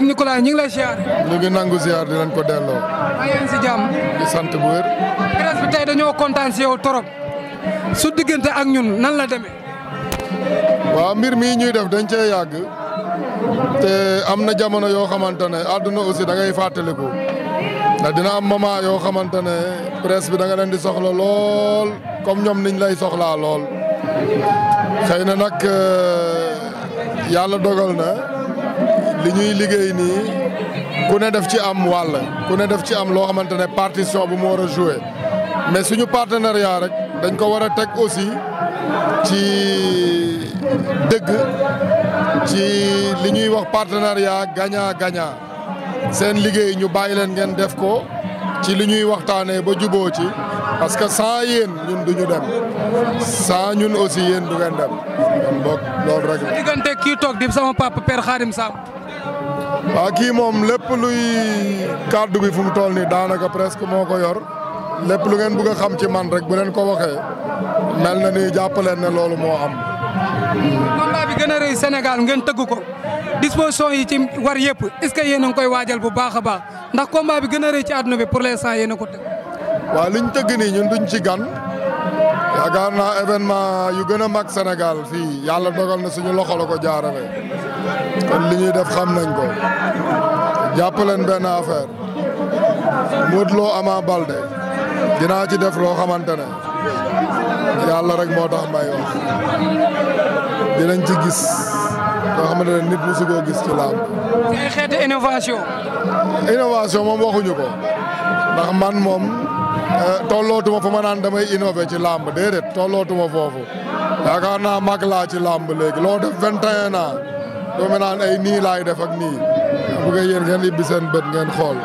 Fatick Nicolas ñu ngi lay ziar. ñu ngi nangu ziar di leen ko delloo. maa ngi si jàmm. di sant bu wér. bi tey dañoo kontaan si torop su diggante ak ñun nan la demee. waaw mbir mi ñuy def dañ cee yàgg te am na jamono yoo xamante ne àdduna aussi da ngay fàttaliku ndax dina am moment yoo xamante ne presse bi da nga leen di soxla lool comme ñoom niñ lay soxlaa lool xëy na nag euh, yàlla dogal na. li ñuy liggéey nii ku ne def ci am wàll ku ne def ci am loo xamante ne partition bu mu war a joué mais suñu partenariat rek dañ ko war a teg aussi ci dëgg ci li ñuy wax partenariat gagnant gaña seen liggéey ñu bàyyi leen ngeen def ko ci li ñuy waxtaanee ba juboo ci parce que sans yéen ñun duñu dem sans ñun aussi yéen du ngeen dem kon rek la. diggante kii toog di sama papa Père Khadim Samb. waaw kii moom lépp luy kàddu gi fu mu toll nii daanaka presque moo ko yor lépp lu ngeen bëgg a xam ci man rek bu leen ko waxee mel na ni jàppaleen ne loolu moo am. combat bi a rëy Sénégal ngeen tëgg ko disposition yi ci war yëpp est-ce que yéen a ngi koy waajal bu baax a baax ndax combat bi gën a rëy ci àdduna bi pour l'instant yéen a ko tëgg. waaw liñ tëgg nii ñun duñ ci gan yaakaar naa événement yu gën a mag Sénégal fii yàlla dogal na suñu loxo la ko jaarale kon li ñuy def xam nañ ko jàpp leen benn affaire Modou Lo Ama Baldé dinaa ci def loo xamante ne yàlla rek moo dax may wax dinañ ci gis loo xamante ne nit musu koo gis ci laam. ay xeetu innovation. innovation moom waxuñu ko ndax man moom eh, tollootuma fa ma naan damay innové ci làmb déedéet tollootuma foofu yaakaar na mag laa ci làmb léegi loo def vingt doo naan ay nii laay def ak nii bu nga yéen ngeen ibbi seen bët ngeen xool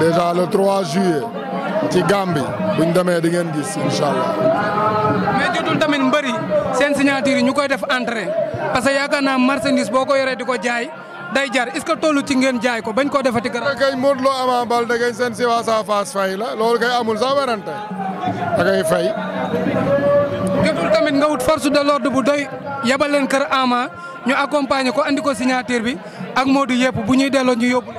déjà le trois juillet ci Gambie buñ demee di ngeen gis incha allah. jotul tamit mbëri seen signature yi ñu koy def entrée parce que yaakaar naa marchandise boo ko yoree di ko jaay. day jar est-ce que tollu ci ngeen jaay ko bañ koo defati garab. kay Modou Lo Ama Baldé kay seen si waa sa faas fay la loolu kay amul sa werante da ngay fay. jotul tamit nga wut force de l'ordre bu doy yebal leen kër Ama ñu accompagner ko andi ko signature bi ak Modou yëpp bu ñuy delloo ñu yóbbu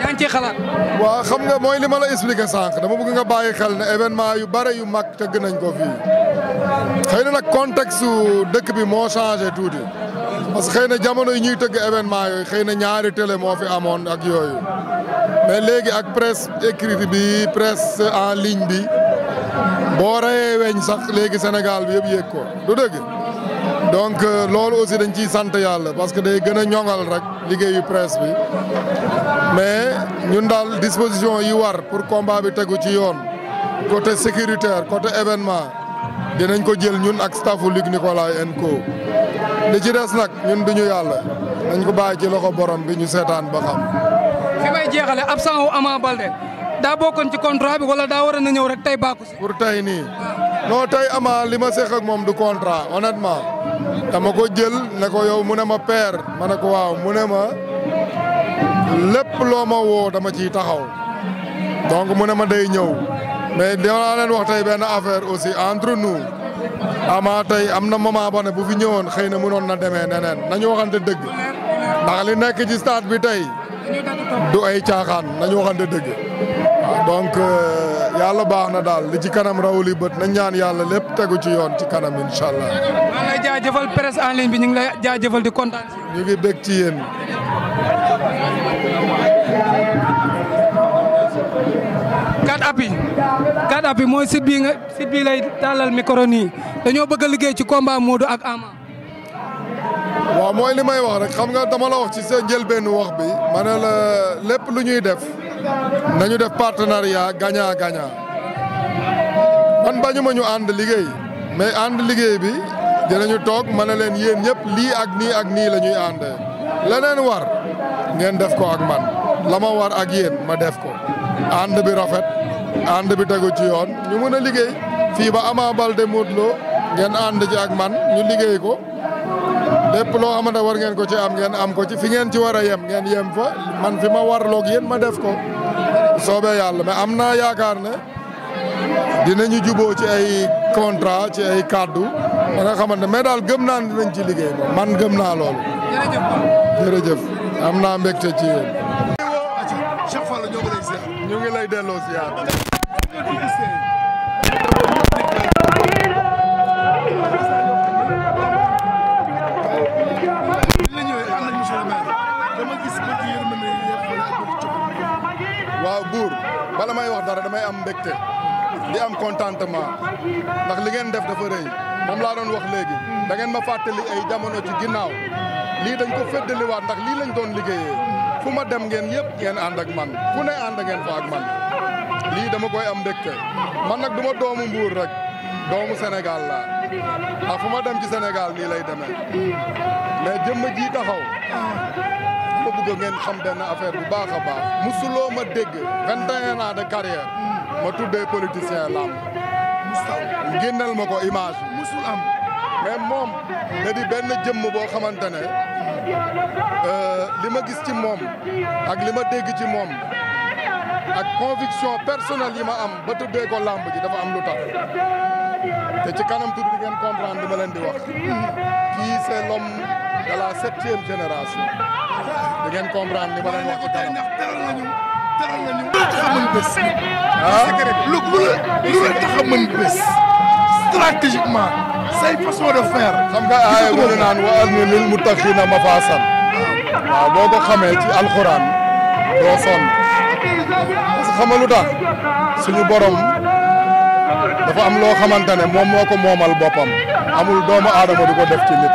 yaa ngi ciy xalaat. waaw xam nga mooy li ma la expliqué sànq dama bëgg nga bàyyi xel ne événement yu bare yu mag tëgg nañ ko fii xëy na nag contexte dëkk bi moo changé tuuti. parce que xëy na jamono yi ñuy tëgg événement yooyu xëy na ñaari télé moo fi amoon ak yooyu mais léegi ak presse écrite bi presse en ligne bi boo rayee weñ sax léegi Sénégal bi yëpp yéeg ko du dëgg donc euh, loolu aussi dañ ciy sant yàlla parce que day gën a ñoŋal rek liggéeyu presse bi mais ñun daal disposition yi war pour combat bi tegu ci yoon côté sécuritaire côté événement dinañ ko jël ñun ak staffu Luc Nicolaï en co li ci des nag ñun duñu yàlla dañ ko bàyyi ci loxo borom bi ñu seetaan ba xam. fi may jeexale absent wu Ama Balde daa bokkoon ci contrat bi wala daa war na ñëw rek tey bàkku si. pour tey nii noo tey Ama li ma seq moom du contrat honnêtement dama ko jël ne ko yow mu ne ma père ma ne ko waaw mu ne ma lépp loo ma woo dama ciy taxaw donc mu ne ma day ñëw di dinaa leen wax tey benn affaire aussi entre nu Ama tey am na moment boo ne bu fi ñëwoon xëy na mënoon na demee neneen nañu waxante dëgg ndax li nekk ci stade bi tey du ay caaxaan nañu waxante dëgg donc euh, yàlla baax na daal li ci kanam rawuli bët nañ ñaan yàlla lépp tegu ci yoon ci kanam incha allah. maa ngi lay jaajëfal presse bi ñu ngi lay jaajëfal di kontaan. ñu ngi bég ci yéen. quatre daadab bi mooy site bii nga site bii lay tàllal micro dañoo bëgg liggéey ci combat Modou ak Ama. waaw mooy li may wax rek xam nga dama la wax ci sa njëlbeenu wax bi ma ne la lépp lu ñuy def nañu def partenariat gagnant gagnant man bañu ñu ànd liggéey mais ànd liggéey bi dinañu toog ma ne leen yéen ñëpp lii ak nii ak nii la ñuy àndee leneen war ngeen def ko ak man la war ak yéen ma def ko ànd bi rafet. ànd bi tegu ci yoon ñu mën a liggéey fii ba Ama Baldé Modou Lo ngeen ànd ci ak man ñu liggéey ko lépp loo am war ngeen ko ci am ngeen am ko ci fi ngeen ci war a yem ngeen yem fa man fi ma warloog yéen ma def ko soobee yàlla mais am naa yaakaar ne dinañu juboo ci ay contrat ci ay kàddu ba nga xamante mais daal gëm naa ne dinañ ci liggéey moom man gëm naa loolu jërëjëf am naa ci yéen ñu ngi lay waaw buur bala may wax dara damay am mbégte di am contentement ndax li ngeen def dafa rëy man laa doon wax léegi da ngeen ma fàttali ay jamono ci ginnaaw lii dañ ko féddaliwaat ndax lii lañ doon liggéeyee fu ma dem ngeen yëpp ngeen ànd ak man fu ne ànd ngeen fa ak man lii dama koy am mbégte man nag du ma doomu Mbuur rek doomu Sénégal laa ah fu ma dem ci senegaal nii lay demee mais jëmm ji taxaw ma bëgg ngeen xam benn affaire bu baax a baax musuloo ma dégg vingt et un ans ma tuddee politicien lam génnal ma ko image musul am mais moom da di benn jëmm boo xamante ne euh, li ma gis ci moom ak li ma dégg ci moom ak conviction personnelle yi ma am ba tuddee ko làmb dafa am lu tax te ci kanam tudd di ngeen comprendre li ma leen wax kii c'est l'homme de génération di ngeen comprendre li ma wax ci kanam teral nañu teral nañu tax a mën bés ah? lu lu la tax a mën bés stratégiquement say façon de xam nga mu ne naan wa alni lil muttaqina mafaasan waaw ah. ah, boo ko xamee ci alxuraan xamalu tax suñu borom dafa am loo xamante ne moom moo ko moomal boppam amul doomu aadama du ko def ci nit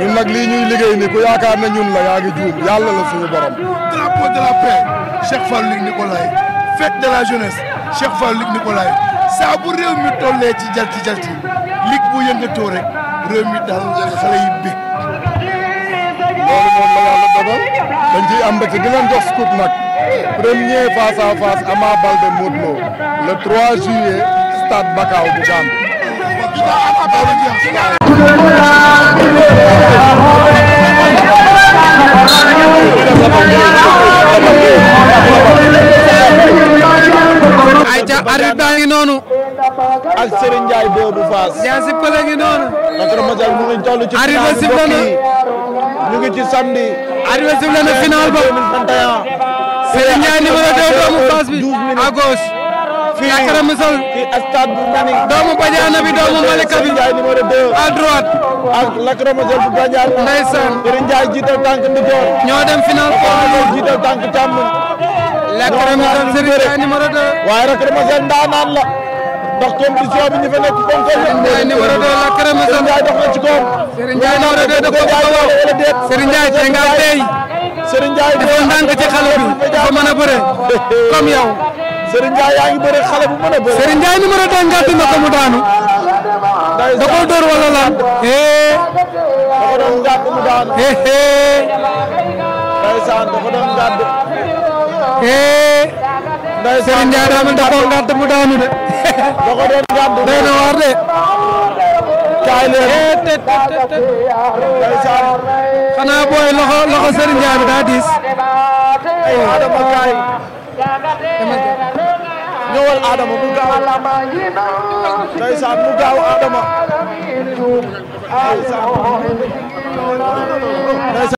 ñun nag lii ñuy liggéey ni ku yaakaar ne ñun la yaa ngi juum yàlla la suñu borom. de la paix Cheikh Fall Luc Nicolaï fête de la jeunesse Cheikh Fall Luc Nicolaï saa bu réew mi tollee ci jalti jalti lig bu yëngatoo rek réew mi daal xale yi bég. loolu moom la yàlla dogal dañ ciy am mbégte di leen jox scoop nag. premier face a face Ama Baldé Modou Lô le 3 juillet stade Bakao bu arbitre baa ngi noonu. ak Serigne Ndiaye doo bu Faas. Ndiaye si pële ngi noonu. notre modèle mu ngi toll ci. arbitre sifflé na ñu ngi ci samedi. arbitre sifflé na Serigne Ndiaye numéro 2 doomu Fass bi à gauche. fii Yakara Misal doomu Badiane bi doomu Malika bi à droite. ak lacrymogène bu Badiane. ndeysaan Serigne Ndiaye jiital tànk ndijoor. ñoo dem final poids jiital tànk càmmoñ. lacrymogène Serigne Ndiaye numéro 2. waaye lacrymogène ndaanaan la. ndax compétition bi ñu fa nekk ponkal la. Serigne Ndiaye numéro 2 lacrymogène. Serigne Ndiaye dox na ci koom. Serigne Ndiaye numéro 2 da ko bëgg a woo. Serigne Ndiaye tey ngaa tey. Serigne Ndiaye dafa ndànk ci xale bi dafa mën a bëre comme yow. Serigne Ndiaye yaa ngi bëre xale bu mën a bëre. Serigne mu daanu. da koo dóor wala mu daanu. de. da ko doon de. kaay leen. xanaa booy loxo loxo Serigne Ndiaye bi daa diis. ay Adama kaay. ñëwal Adama mu gaaw. ndeysaan mu gaaw Adama. ndeysaan.